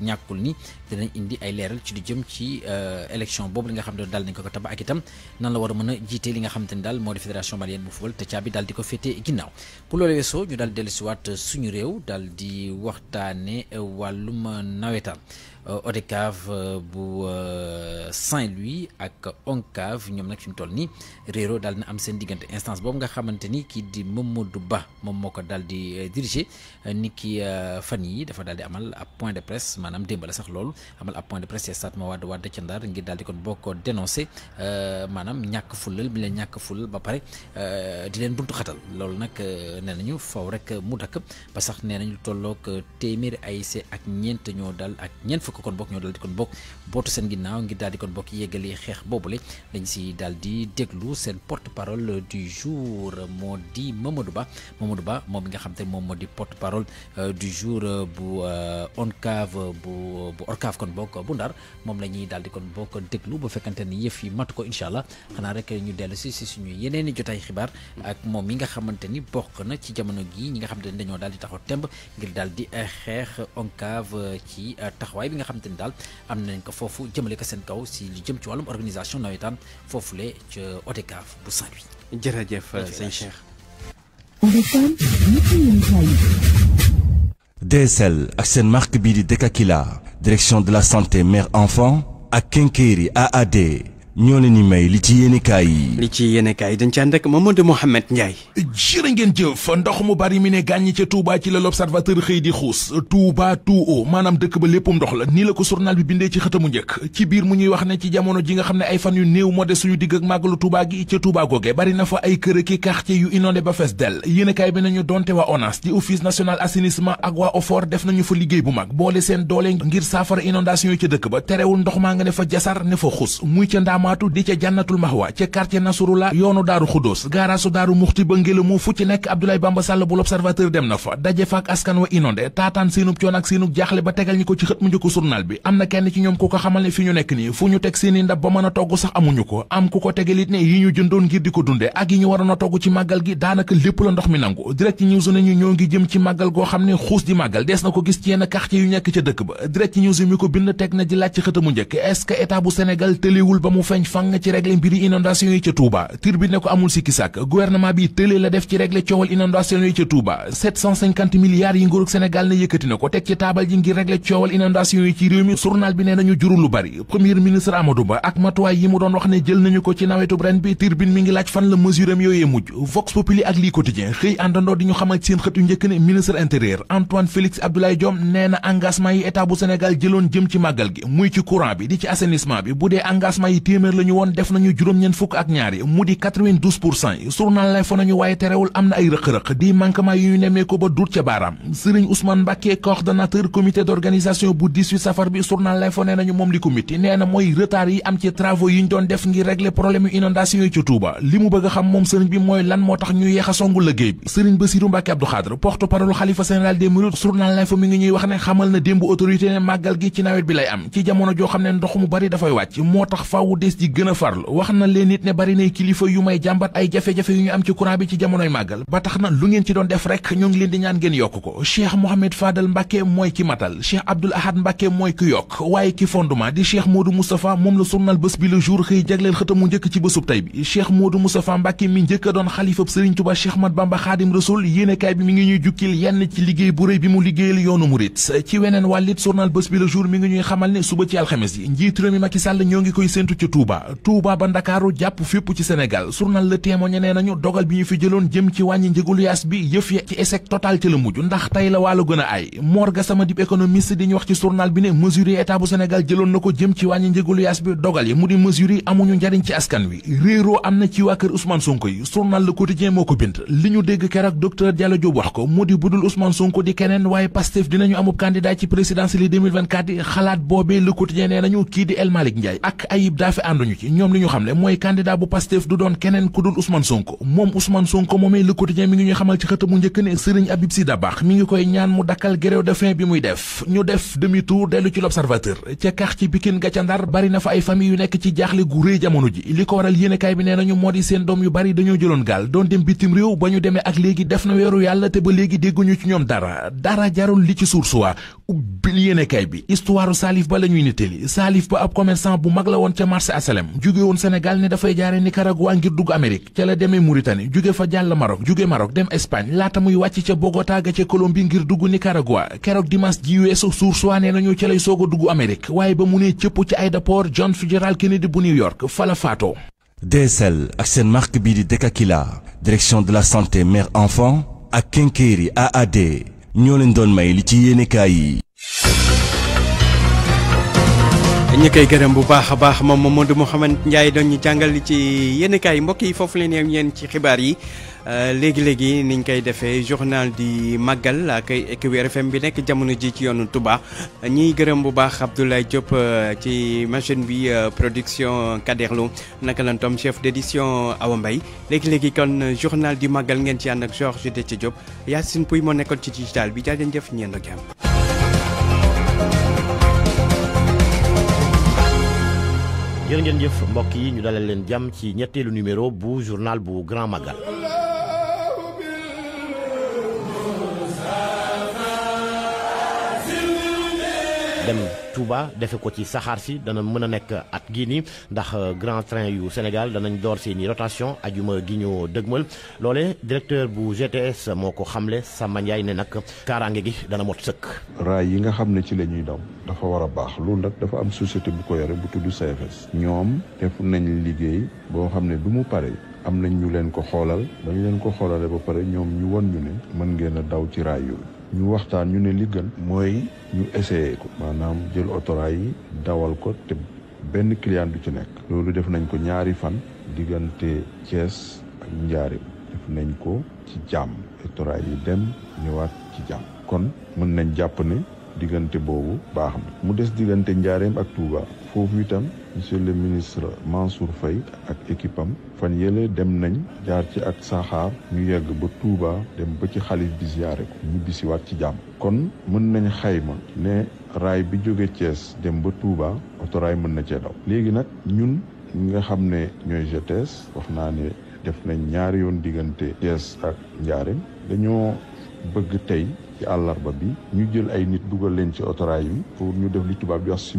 [SPEAKER 7] ñàkkul ni dinañ indi ay leeral ci lu jëm ci élection boobu li nga xam ne daal nañ ko ko tabax ak itam nan la war a mën a jiite li nga xam te ne daal moo di fédération malienne bu football te caabi daal di ko féetee ginnaaw bu loolu weesoo ñu daal si waat suñu réew daal di waxtaane wàllum nawetaan. ODCAV bu Saint-Louis ak onkav ñoom nag fi toll nii réero daal na am seen diggante instance boobu nga xamante ni kii di Mamadou Ba moom moo ko daal di diriger ni ki fan dafa daal di amal ab point de presse maanaam démb la sax loolu amal ab point de presse stade Mawade Wade ca Ndar ngir daal di kon boo ko dénoncé maanaam ñàkk fulal bi leen ñàkk fulal ba pare di leen buntu xatal loolu nag nee nañu faw rek mu dakk ba sax nee nañu tolloog AIC ak ñeent ñoo daal ak ñeent ko kon bok ñoo dal di kon bok botu seen ginnaw ngi dal di kon bokk yeggali xeex boobule dañ si dal di deglu seen porte parole du jour modi di Mamadou Ba Mamadou Ba mom nga xam mom modi porte parole euh, du jour euh, bu euh, onkav bu bu ORCAV kon bok bu ndar mom la ñuy di kon bok deglu bu fekkante ni yëf yi mat ko incha rek ñu dellu si ci suñu yeneeni jotay xibar ak mom mi nga xamante ni bokk na ci jamono gi ñi nga xamante dañoo di taxo temb ngir dal di xeex ONCAV ci taxway bi nga nga xamante ni daal am nañ ko foofu jëmale ko seen kaw si lu jëm ci wàllum organisation nawetaan foofule ca ODCAV bu Saint-Louis. jërëjëf sëñ Cheikh.
[SPEAKER 6] DSL ak seen marque bii di Dekakila direction de la santé mère enfant ak Kenkeri AAD ñoo leen ni may li ci yéenekaay yi. li ci
[SPEAKER 1] yéenekaay yi dañ ci ànd ak Mamadou Mouhamed Ndiaye.
[SPEAKER 4] jërë ngeen jëf ndox mu bari mi ne gàññi ca Touba ci la l'observateur xëy di xuus Touba tout haut maanaam dëkk ba léppum ndox la nii la ko journal bi bindee ci xëtamu njëkk ci biir mu ñuy wax ne ci jamono ji nga xam ne ay fan yu néew moo des suñu digg ak màggalu Touba gi ca Touba googe bari na fa ay kër ki quartier yu inondé ba fees dell yéenekaay bi nañu donte wa ONAS di office national assainissement ak waa def nañu fa liggéey bu mag boole seen doole ngir saafara inondation yi ca dëkk ba terewul ndox maa nga ne fa jasar ne fa xuus amaatu ca jànnatul mahwa ca yoonu daaru xudóos gaaraasu daaru muxti ba ngelamu fu ci nekk Abdoulaye Bamba Sall bu l'observateur dem na fa daje fa ak askan wa inondé taataan seenub coon ak seenub jaaxle ba tegal ñi ko ci xët mu njëkk journal bi am na kenn ci ñoom ku ko xamal ne fi ñu nekk nii fu ñu teg seeni ndab ba mën a togg sax amuñu ko am ku ko tegalit ne yi ñu jëndoon ngir di ko dunde ak yi ñu waroon a togg ci màggal gi daanaka lépp la ndox fañ fang fan la mesure am mujj Vox Populi ak lii quotidien xëy àndandoo di ñu xamal seen xët yu njëkk ne ministre intérieur Antoine Félix Abdoulaye Diome nee na yi état bu Sénégal jëloon jëm ci màggal gi muy ci courant bi di ci assainissement bi bu dee engagement yi téem téeméer woon def nañu juróom-ñeen fukk ak ñaari mu di 92 nañu waaye terewul am na ay rëq-rëq di manquement yu ñu nemmee ko ba duut ca baaraam Serigne Ousmane Mbacké coordonnateur comité d'organisation bu safar bi journal ne nañu moom li ko miti nee mooy retard yi am ci travaux yi ñu doon def ngir régler problème yu inondation yi ci Touba li mu bëgg xam moom sëriñ bi mooy lan moo tax ñu yeex a songu liggéey bi Serigne Bassirou Mbacké Abdou Khadre gis gën a farlu wax na leen nit ne bari nay kilifa yu may jàmbat ay jafe-jafe yu ñu am ci courant bi ci jamonoy màggal ba tax na lu ngeen ci doon def rek ñoo ngi leen di ñaan ngeen yokk ko cheikh mohamed fadal mbàkke mooy ki matal cheikh abdul ahad mbàkke mooy ki yokk waaye ki fondement di cheikh modou moustapha moom la surnal bés bi le jour xëy jagleel xëta mu njëkk ci bésub tey bi cheikh modou moustapha mbàkke mi njëkk a doon xalifab sëriñ tuba cheikh mat bamba xaadim bi mi ngi ñuy yenn ci liggéey bu rëy mu liggéeyal yoonu murit ci weneen wàllit surnal bés bi le jour mi ngi ñuy xamal ne suba ñoo ngi koy séentu Touba Touba ba Ndakaaru jàpp fépp ci Sénégal journal Le Témoin nee nañu dogal bi ñu fi jëloon jëm ci wàññi njëgul yaas bi yëf ya ci échec total ci la mujj ndax tey la wàllu gën a ay Mor Gassama dib économiste di ñu wax ci journal bi ne mesures yi état bu Sénégal jëloon na ko jëm ci wàññi njëgul yaas bi dogal yi mu di mesures yi amuñu njariñ ci askan wi réeroo am na ci waa kër Ousmane Sonko yi journal Le Quotidien moo ko bind li ñu dégg keroog docteur Diallo Diop wax ko mu di budul di keneen waaye Pastef dinañu amub candidat ci présidentielle yi 2024 yi xalaat boobee Le Quotidien nee nañu ànduñu ci ñoom li ñu xamle mooy candidat bu Pastef du doon keneen ku dul Ousmane Sonko moom Ousmane Sonko moomee Le Quotidien mi ngi ñuy xamal ci xët mu njëkk ne Serigne Habib Sy Dabakh mi ngi koy ñaan mu dakkal grève de bi muy def ñu def demi dellu ci l'Observateur ca quartier Pikine ga ca Ndar bari na fa ay famille yu nekk ci jaaxle gu rëy jamono ji li ko waral yéenekaay bi nee nañu moo di seen doom yu bari dañoo jëloon gaal doon dem bitim réew ba ñu demee ak léegi def na weeru yàlla te ba léegi dégguñu la ñuy nettali Salif Ba ab asalem jóge woon Sénégal ne dafay jaare Nicaragua ngir dugg Amérique ca la demee Mauritanie jóge fa jàll Maroc jóge Maroc dem Espagne laata muy wàcc ca Bogota ga ca Colombie ngir dugg Nicaragua keroog dimanche ji weesu suur soi nee nañu ca lay soog a dugg Amérique waaye ba mu nee cëpp ci aéroport John Fitzgerald Kennedy bu New York fa la faatoo DSL ak seen marque bii di Dekakila direction de la santé mère enfant ak Kenkeri AAD
[SPEAKER 1] ñoo leen
[SPEAKER 6] doon may li ci yéenekaay yi
[SPEAKER 1] ñu koy gërëm bu baax a baax moom moom Mamadou Mouhamed Ndiaye doon ñu jàngal ci yenn kaay mbokk yi foofu leen yem yéen ci xibaar yi euh, léegi-léegi niñ koy defee journal di màggal ak équipe RFM bi nekk jamono ji ci yoonu Touba ñuy gërëm bu baax Abdoulaye Diop euh, ci machine bi euh, production Kaderlo naka lan tom chef d'édition Awa mbay léegi-léegi kon journal di màggal ngeen ci ànd ak Georges Dethie Diop Yacine Pouy moo nekkoon ci digital
[SPEAKER 20] bi jaa deen jëf ñeen ak je ngeen jëf mbokk yi ñu dalal leen jam ci numéro bu journal bu Grand Magal dem Touba defe ko ci saxaar si dana mën a nekk at gii nii ndax euh, grand train yu Sénégal danañ door seeni rotation ajuma gi ñu dëgmal loole directeur bu GTS moo ko xamle Samba Ndiaye ne nag kaaraange gi dana mot sëkk.
[SPEAKER 14] raay yi nga xam ne ci la ñuy daw dafa war a baax loolu nag dafa am société bu ko yore bu tudd CFS. ñoom def nañ liggéey boo xam ne du mu pare. am nañ ñu leen ko xoolal dañ leen ko xoolale ba pare ñoom ñu won ñu ne mën ngeen a daw ci raay yooyu ñu waxtaan ñu ne li mooy ñu essayer ko maanaam jël otoraay yi dawal ko te benn client du ci nekk loolu def nañ ko ñaari fan diggante Thiès ak Njaaréem def nañ ko ci jàmm otoraay yi dem ñëwaat ci jàmm kon mën nañ jàpp ne diggante boobu baax na mu des diggante njaareem ak Touba foofu itam monsieur le ministre Mansour fay ak équipe fan yële dem nañ jaar ci ak saxaar ñu yegg ba Touba dem ba ci xalif bi ziyaare ko ñibbisiwaat ci jàmm kon mën nañ xayma ne raay bi jóge Thiès dem ba Touba autoraay mën na cee daw léegi nag ñun ñi nga xam ne ñooy GTS wax naa ne def nañ ñaari yoon diggante Thiès ak Njaareem dañoo bëgg tey ci àllarba bi ñu jël ay nit dugal leen ci autorail bi pour ñu def li tubaab di wax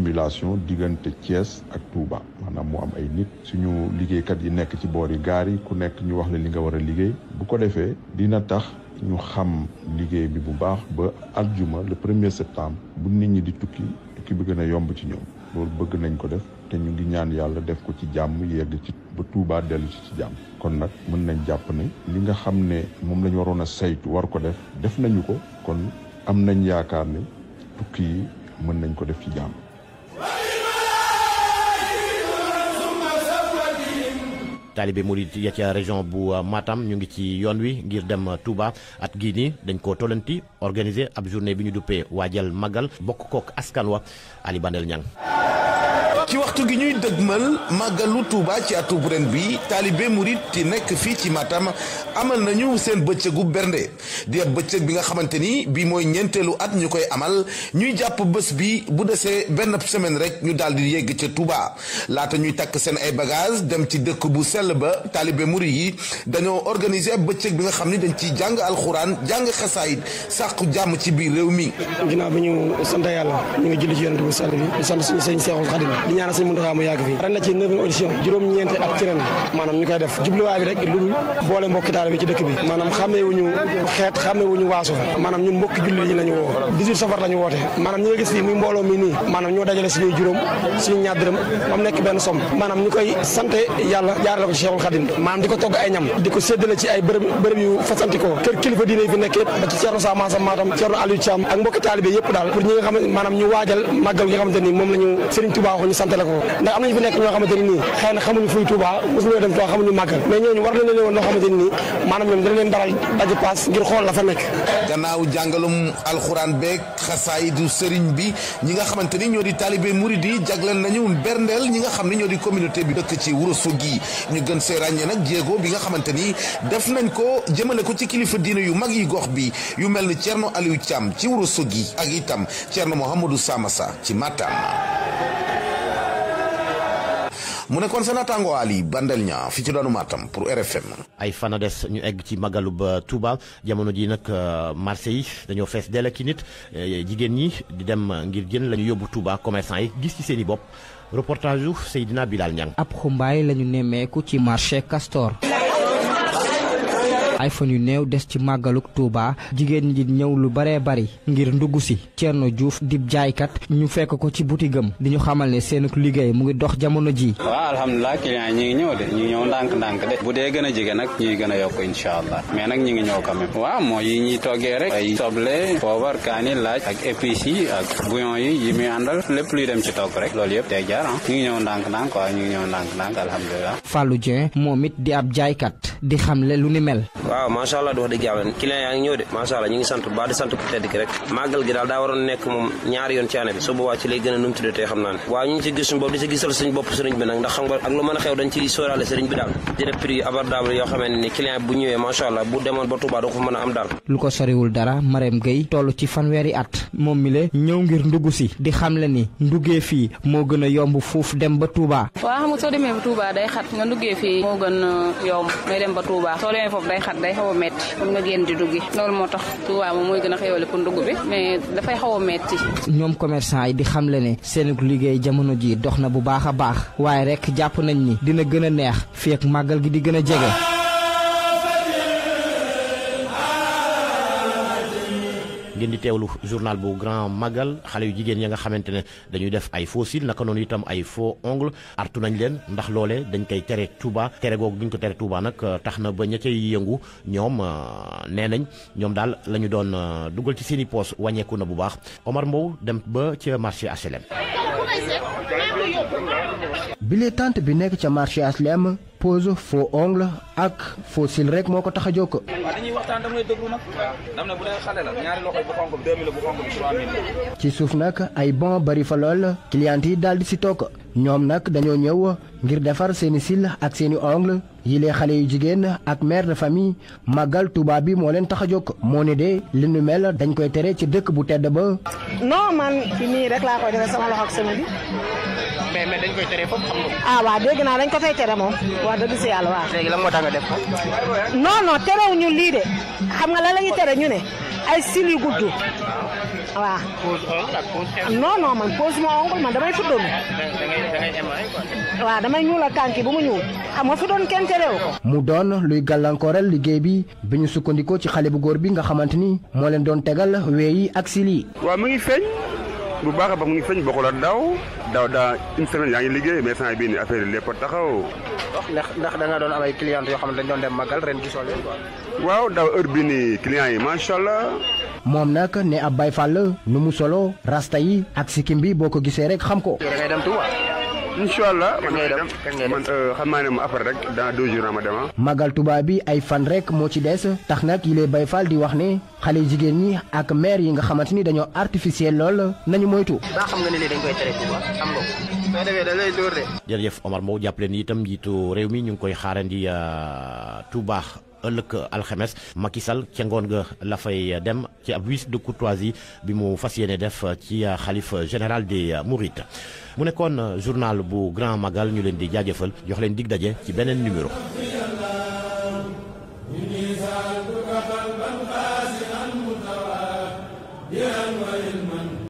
[SPEAKER 14] diggante Thiès ak Touba maanaam mu am ay nit suñu liggéeykat yi nekk ci boori gaar yi ku nekk ñu wax la li nga war a liggéey bu ko defee dina tax ñu xam liggéey bi bu baax ba aljuma le premier septembre bu nit ñi di tukki tukki bëgg na yomb ci ñoom loolu bëgg nañ ko def te ñu ngi ñaan yalla def ko ci jamm yegg ci bu Touba delu ci ci jàmm kon nak mën nañ japp ne li nga xamne mom lañ warona war ko def def nañu ko kon am nañ yaakaar ne tukki mën nañ ko def ci jamm talibé ya ci
[SPEAKER 20] région bu euh, matam ñu ngi ci yoon wi ngir dem euh, touba at gi ni dañ ko tolenti organiser ab journée bi ñu duppé magal bokk kok askan wa ali bandel ñang
[SPEAKER 19] ci waxtu gi ñuy dëgmal magalu Touba ci atub ren bi talibé mourid ti nek fi ci Matam amal nañu seen bëccëgu bernde di ab bëccëg bi nga xamanteni bi moy ñentelu at ñukoy koy amal ñuy japp bëss bi bu déssé ben semaine rek ñu daldi yegg ci Touba laata ñuy tak seen ay bagage dem ci dëkk bu sel ba talibé mourid yi dañu organiser ab bëccëg bi nga xamni dañ ci jang alcorane jang xasaayit saxu
[SPEAKER 2] jamm ci bi rew mi ginnaaw bi ñu sante yalla ñu jël ci yonent bu sell bi sant suñu sëñ di ñaanal sëñ Muntaxa mu yàgg fi ren na ci neuvième audition juróom-ñeenti at ci ren maanaam ñu koy def jubluwaay bi rek lu dul boole mbokki taal ci dëkk bi maanaam xamee wuñu xeet xamee wuñu ñu koy sante ko ci Cheikhul ci ay bërëb bërëb yu fasantikoo kër kilifa diine yi fi nekk yëpp ci Ceerno Sama Sam Matam Ceerno Aliou Thiam ak mbokki taalibe yëpp daal pour ñi xam ne ñu waajal màggal gi nga xamante ni moom lañu Sëriñ Tuubaa waxu ñu sant ndax am nañu fi nekk ñoo xamante ne nii xëy na xamuñu fuy Touba mosuñoo dem Touba xamuñu màggal mais ñooñu war nañu leen woon loo xamante ne nii maanaam leen daral daji paas ngir xool la fa nekk gannaaw jàngalum
[SPEAKER 19] sëriñ bi ñi nga xamante ni ñoo di taalibe murid yi jagleel nañu berndeel ñi nga xam ne ñoo di communauté bi dëkk ci Ourossogui ñu gën see ràññee nag jéego bi nga xamante ni def nañ ko jëmale ko ci kilifa diine yu mag yi gox bi yu mel ni Thierno Aliou Thiam ci Ourossogui ak itam Thierno Mouhamadou Samassa ci Matam mu nekkoon sa naataango Ali Bandel ña fi ci doonu Matam pour RFM.
[SPEAKER 20] ay fan des ñu egg ci magalub Touba jamono ji nag euh, marché yi dañoo fees dell ak nit euh, jigéen ñi di dem ngir jën la ñu yóbbu Touba commerçant yi gis ci seen i bopp reportage yu Seydina Bilal Niang.
[SPEAKER 21] ab xumbaay la ñu nemmeeku ci marché Castor. iPhone yu new dess ci màggaluk Touba jigen ñi ñew lu bare bari ngir ndugu ci Thierno Diouf dib kat ñu fekk ko ci butigam di ñu xamal ne seen liggey mu ngi dox jamono ji
[SPEAKER 8] wa alhamdullah client ñi ñew de ñi ñew ndank ndank de bu de gëna jige nak ñi gëna yok inshallah mais nak ñi ngi ñew quand même wa mo yi ñi toggee rek ay soble power kani laaj ak epic ak bouillon yi yi mi andal lepp luy dem ci tok rek lool yëpp day
[SPEAKER 2] jaar ah. ñi ñew ndank ndank ndànk ñi ñew ndank ndank alhamdullah
[SPEAKER 21] fallu momit di ab kat di xamle lu ni mel
[SPEAKER 2] waaw macha allah di wax dëgg yàlla client yaa ngi ñëw de allah ñu ngi sant ba di sant ku tedd ki rek màggal gi daal daa waroon nekk moom ñaari yoon ci année bi su boobaa ci lay gën a tey xam naa ne waaw ñu ci gis di ci gisal suñu bopp sëriñ bi nag ndax xam nga ak lu mën a xew dañ ci sóoraale sëriñ bi daal dina prix abordable yoo ni client bu ñëwee allah bu demoon ba Touba da ko mën a am daal
[SPEAKER 21] lu ko soriwul dara Marème toll ci fanweeri at moom mi le ñëw ngir ndugg si di xamle ni nduggee fii moo gën dem ba Wah
[SPEAKER 11] waaw xam nga soo demee ba Touba day xat nga nduggee fii moo gën yomb dem ba Touba soo demee foofu at day xaw a metti comme nga génn di duggi loolu moo tax Touba moom mooy gën a xéwale ko ndugg bi mais dafay xaw metti
[SPEAKER 21] ñoom commerçant yi di xam le ne seen liggéey jamono ji dox na bu baax a baax waaye rek jàpp nañ ni dina gën a neex fii ak màggal gi di gën a jege
[SPEAKER 20] ngeen di teewlu journal bu grand magal xale yu jigéen ya nga xamante ne dañuy def ay foo cils naka noonu itam ay foo ongle artu nañ leen ndax loole dañ koy tere Touba tere googu bi ko tere Touba nag euh, tax na ba ña cay yëngu ñoom euh, nee nañ ñoom daal lañu doon euh, dugal ci seen i poos wàññeeku na bu baax Omar Mbow dem ba ca marché HLM bile tànt bi nekk ca marché HLM pose faux ongle ak
[SPEAKER 12] faux cils rek moo ko tax a jokk. ci suuf nag ay bon bari fa lool client yi daal di si toog ñoom nag dañoo ñëw ngir defar seeni sil ak seeni ongle yilee xale yu jigéen ak mère de famille màggal Touba bi moo leen tax a jóg moo ne de li dañ koy tere ci dëkk bu tedd ba.
[SPEAKER 15] non man fii nii rek laa koy defee sama loxo ak sama bi.
[SPEAKER 12] mais mais dañ koy tere foofu xam nga.
[SPEAKER 15] Ah, naa dañ ko fay tere moom wax dëgg si yàlla waaw. léegi terewuñu lii de xam nga la ñuy tere ñu ne ay sil gudd. waaw pose man pose ma ongle man damay fuddoon. da
[SPEAKER 2] ngay da ngay émaillé
[SPEAKER 15] quoi. damay ñuulal tànk bu mu ñuul xam nga fuddoon kenn terew
[SPEAKER 12] mu doon luy gàllankooreel liggéey bi bi ñu sukkandikoo ci xale bu góor bi nga xamante ni moo leen doon tegal wee ak sil yi.
[SPEAKER 3] waaw mu bu baax a baax mu ngi feñ bokk ak daaw daw daa une semaine yaa ngi liggéey mais saa bii nii affaire yi lépp taxaw.
[SPEAKER 12] ndax ndax da doon
[SPEAKER 3] am ay clients yoo xam ne dañ doon dem màggal ren gisoo leen quoi. waaw daw heure bii nii clients yi macha allah.
[SPEAKER 12] moom nag ne ab Baye Fall nu mu solo rasta yi ak sikkim bi boo ko gisee rek xam ko.
[SPEAKER 3] da ngay incha allah man euh, mu affaire rek dans deux jours ma dem ah.
[SPEAKER 12] magal Touba bi ay fan rek moo ci des tax nag yi lay bay faal di wax ne xale jigéen ñi ak maire yi nga xamante ni dañoo artificiel lool nañu moytu. daa xam nga ne lii dañ koy tere Touba xam nga
[SPEAKER 19] ko.
[SPEAKER 20] jërëjëf Omar Mbow jàppale ni itam njiitu réew mi ñu ngi koy xaarandi euh, baax Le alxemes Makisal, Sall ca Adem, nga la fay dem ci de courtoisie bi mu fas def ci général des Mourites. mu nekkoon journal bu Grand Magal ñu leen di jaajëfal jox leen dig ci numéro.